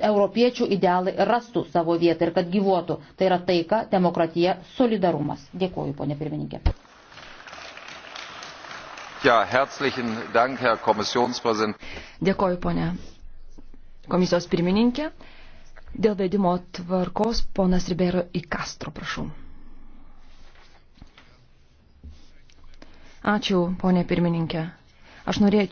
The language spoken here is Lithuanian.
europiečių idealai rastų savo vietą ir kad gyvuotų. Tai yra taika, demokratija, solidarumas. Dėkuoju, ponė pirmininkė. Ja, herzlichen Dank, Herr Kommissionspräsident. Dėkuoju, ponė komisijos pirmininkė. Dėl vedimo tvarkos, ponas Ribeiro į Castro, prašau. Ačiū, ponė pirmininkė. Aš norėčiau.